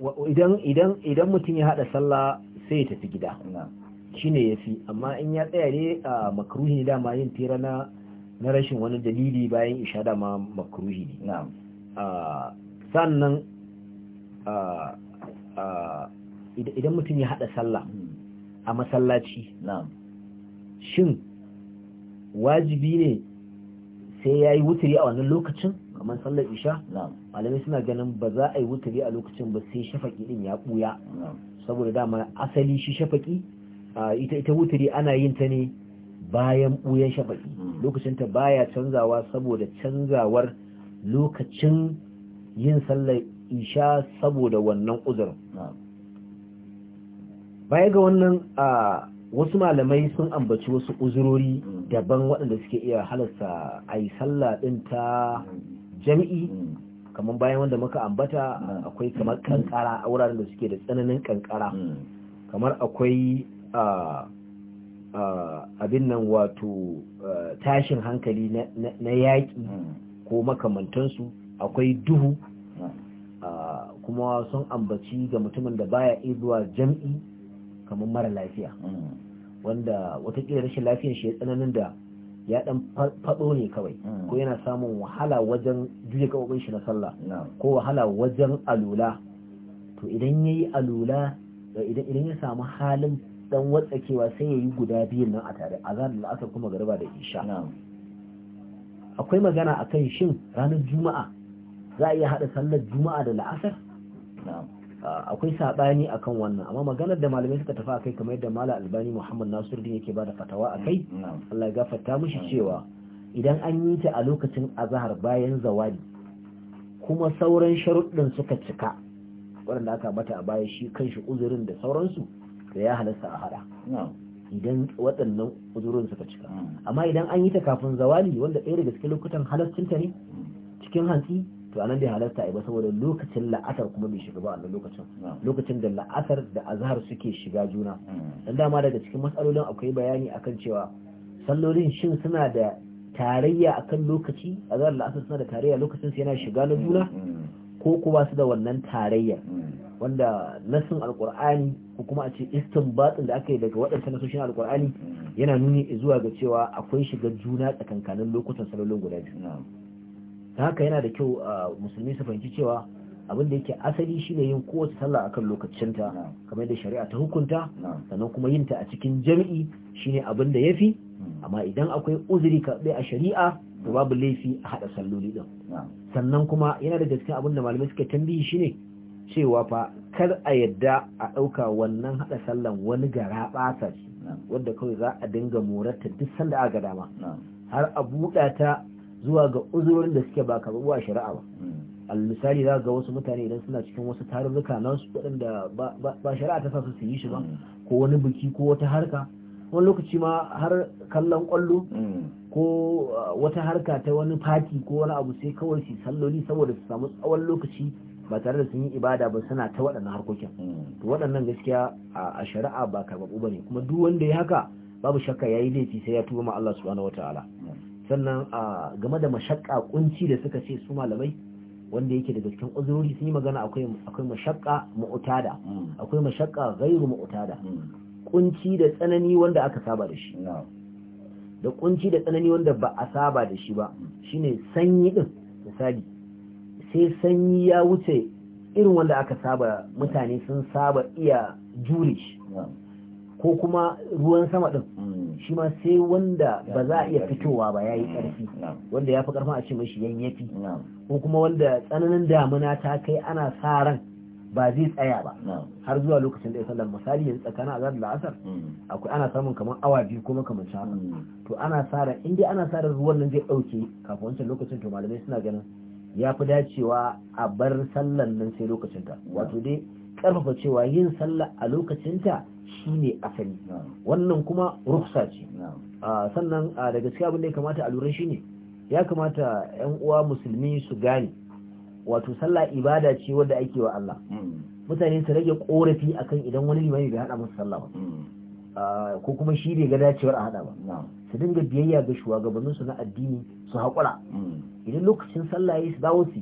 idan idan idan mutum ya hada sallah sai ya tafi gida shine yafi amma in ya tsaya ne a makruhi ne dama yin tira na na rashin wani dalili bayan isha dama makruhi ne na'am sannan idan mutum ya hada sallah hmm. a masallaci na'am shin wajibi ne sai yayi wuturi a wannan lokacin kamar sallar isha malamai suna ganin ba za a yi wutari a lokacin ba sai shafaki din ya buya saboda dama asali shi shafaki ita ita wutari ana yin ta ne bayan buyan shafaki hmm. lokacinta ta baya canzawa saboda canzawar lokacin yin sallar isha saboda wannan uzurin baya ga wannan wasu malamai sun ambaci wasu uzurori hmm. daban waɗanda suke iya halasta a yi sallah ɗin ta hmm. jami'i hmm. kamar bayan wanda muka ambata hmm. akwai kamar kankara a wuraren da suke da tsananin kankara hmm. kamar akwai abin nan wato tashin hankali na yaƙi ko makamantansu akwai duhu kuma sun ambaci ga mutumin da baya zuwa jam'i kamar mara lafiya wanda watakila rashin lafiyan shi ya tsananin da ya dan fado ne kawai hmm. ko yana samun wahala wajen juya gabobin shi na sallah ko wahala wajen alula to idan yayi alula idan idan ya samu halin dan watsakewa sai yayi guda biyun nan a tare azan al'asar kuma garba da isha akwai magana akan shin ranar juma'a za a iya hada sallar juma'a da la'asar akwai sabani akan wannan amma maganar da malamai suka tafi akai kamar yadda mala albani muhammad Nasiru din yake bada fatawa akai mm, Allah ya gafarta mishi cewa idan an yi ta a lokacin azahar bayan zawali kuma sauran sharuɗin suka cika waɗanda aka bata a baya shi kan shi uzurin da sauransu da ya halasta a hada idan waɗannan uzurin suka cika mm. amma idan an yi ta kafin zawali wanda ɗaya daga cikin lokutan halastinta ne mm. cikin hantsi to anan bai halarta ai ba saboda lokacin la'asar kuma bai shiga ba a lokacin lokacin da la'asar da azhar suke shiga juna hmm. dan dama daga cikin matsalolin akwai bayani akan cewa sallolin shin suna da tarayya akan lokaci azhar la'asar suna da tarayya lokacin su yana shiga na juna hmm, hmm. ko kuma su da wannan tarayya wanda nasin alkur'ani ko kuma a ce istinbatin da aka yi daga waɗancan nasoshin alkur'ani yana nuni zuwa ga cewa akwai shiga juna tsakankanin lokutan sallolin guda biyu ta haka yana da kyau musulmi su fahimci cewa abin da yake asali shine yin kowace sallah akan lokacinta kamar da shari'a ta hukunta sannan kuma yin ta a cikin jami'i shine abin da yafi hmm. amma idan akwai uzuri kaɗai a shari'a to hmm. babu laifi a haɗa salloli din sannan kuma yana da gaskiya abin da malamai suka tambayi shine cewa fa kar a yadda a ɗauka wannan haɗa sallan wani gara ɓata ce wadda kawai za a dinga morarta duk sanda aka dama har a buɗa ta zuwa ga uzurorin da suke ba karɓuwa a shari'a ba hmm. al misali za ga wasu mutane idan suna cikin wasu tarurruka nan su waɗanda ba shari'a ta sa su yi shi ba hmm. ko wani biki ko wata harka wani lokaci ma har kallon kwallo hmm. ko uh, wata harka ta wani fati ko wani abu sai kawai su salloli saboda su samu tsawon lokaci ba tare da sun yi ibada ba suna ta waɗannan harkokin to waɗannan gaskiya a shari'a ba karɓaɓɓu ba ne kuma duk wanda ya haka babu shakka ya yi laifi sai ya tuba ma Allah subhanahu wataala sannan a game da mashakka kunci da suka ce su malamai wanda yake daga cikin uzurori sun yi magana akwai akwai mashakka mu'tada hmm. akwai mashakka ghairu mu'tada hmm. kunci da tsanani wanda aka saba da shi da kunci da tsanani wanda ba a saba da shi ba hmm. shine sanyi din misali sai sanyi ya wuce irin wanda aka saba mutane sun saba iya jure shi ko kuma ruwan sama din mm. shi ma sai wanda ba za a iya fitowa ba ya yi ƙarfi mm. wanda ya fi ƙarfin a ce mashi yayyafi ko kuma wanda tsananin damuna ta kai ana sa ran ba zai tsaya ba har zuwa lokacin da ya sallar misali yanzu tsakanin azar da asar mm. akwai ana samun kamar awa biyu kuma kamar haka to ana sa ran in dai ana sa ran ruwan nan zai ɗauke kafin wancan lokacin to malamai suna ganin ya fi dacewa a bar sallar nan sai lokacinta wato dai ƙarfafa cewa yin sallah a lokacinta shine asali wannan kuma ruhsa ce sannan da gaskiya abin da ya kamata a lura shine ya kamata yan uwa musulmi su gane wato sallah ibada ce wadda ake wa Allah mutane su rage korafi akan idan wani limami bai hada musu sallah ba ko kuma shi bai ga dacewar a hada ba su dinga biyayya ga shugabannin na addini su haƙura idan lokacin sallah ya yi su dawo su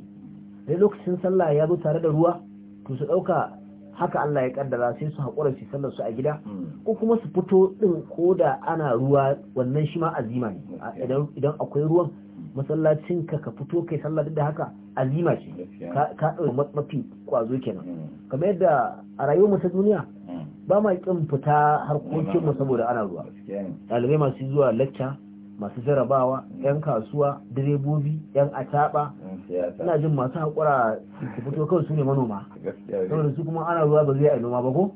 idan lokacin sallah ya zo tare da ruwa to su ɗauka haka Allah ya kaddara sai su haƙura su sallar su a gida hmm. ko kuma su fito din ko da ana ruwa wannan shi ma azima ne hmm. idan akwai ruwan hmm. masallacin ka ka fito kai sallar da haka azima ce ka ɗauki mafi kwazo kenan kamar yadda a rayuwar ta duniya ba ma kin fita harkokin mu saboda ana ruwa dalibai masu zuwa lacca masu jarabawa yan kasuwa direbobi yan ataba ina jin masu haƙura su fito kawai su ne manoma saboda su kuma ana ruwa ba zai yi noma ba ko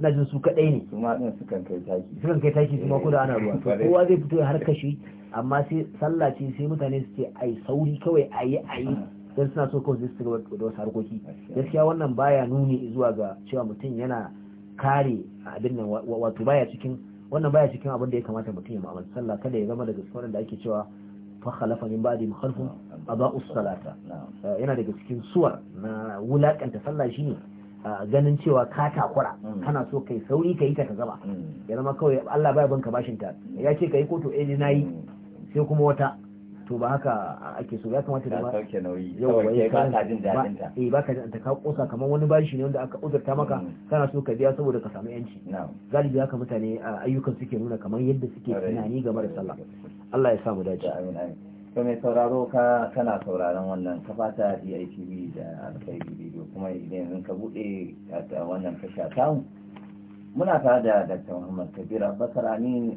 ina jin su kaɗai ne su ma sukan kai taki sukan kai taki su ma da ana ruwa eh, kowa zai fito ya harka shi amma sai sallah ce sai mutane su ce ai sauri kawai ayi ayi don suna so kawai su ga da wasu harkoki gaskiya wannan baya nuni zuwa ga cewa mutum yana kare abin nan wato baya cikin wannan baya cikin abin da ya kamata mutum ya ma'amalci sallah kada ya zama daga tsoron da ake cewa fa khalafa min ba'dihim khalfun aba'u salata eh, yana daga cikin suwar na wulakanta sallah shine ganin cewa ka takura mm. kana so kai sauri kai ta zaba mm. ya zama kawai Allah bai banka bashin ta mm. ya ce kai ko to eh nayi sai kuma wata to ba haka ake so ya kamata da ba sauke nauyi kawai ba ka jin dadin ta eh ba ka jin ta ka kosa kamar wani bashi ne wanda aka uzurta maka kana so ka biya saboda ka samu yanci galibi haka mutane ayyukan suke nuna kamar yadda suke tunani game da sallah Allah ya sa mu dace amin amin to mai sauraro ka kana sauraron wannan ka fata DITV da alkhairi video kuma idan ka bude wannan tasha muna tare da Dr. Muhammad Kabir Abbasarani Amin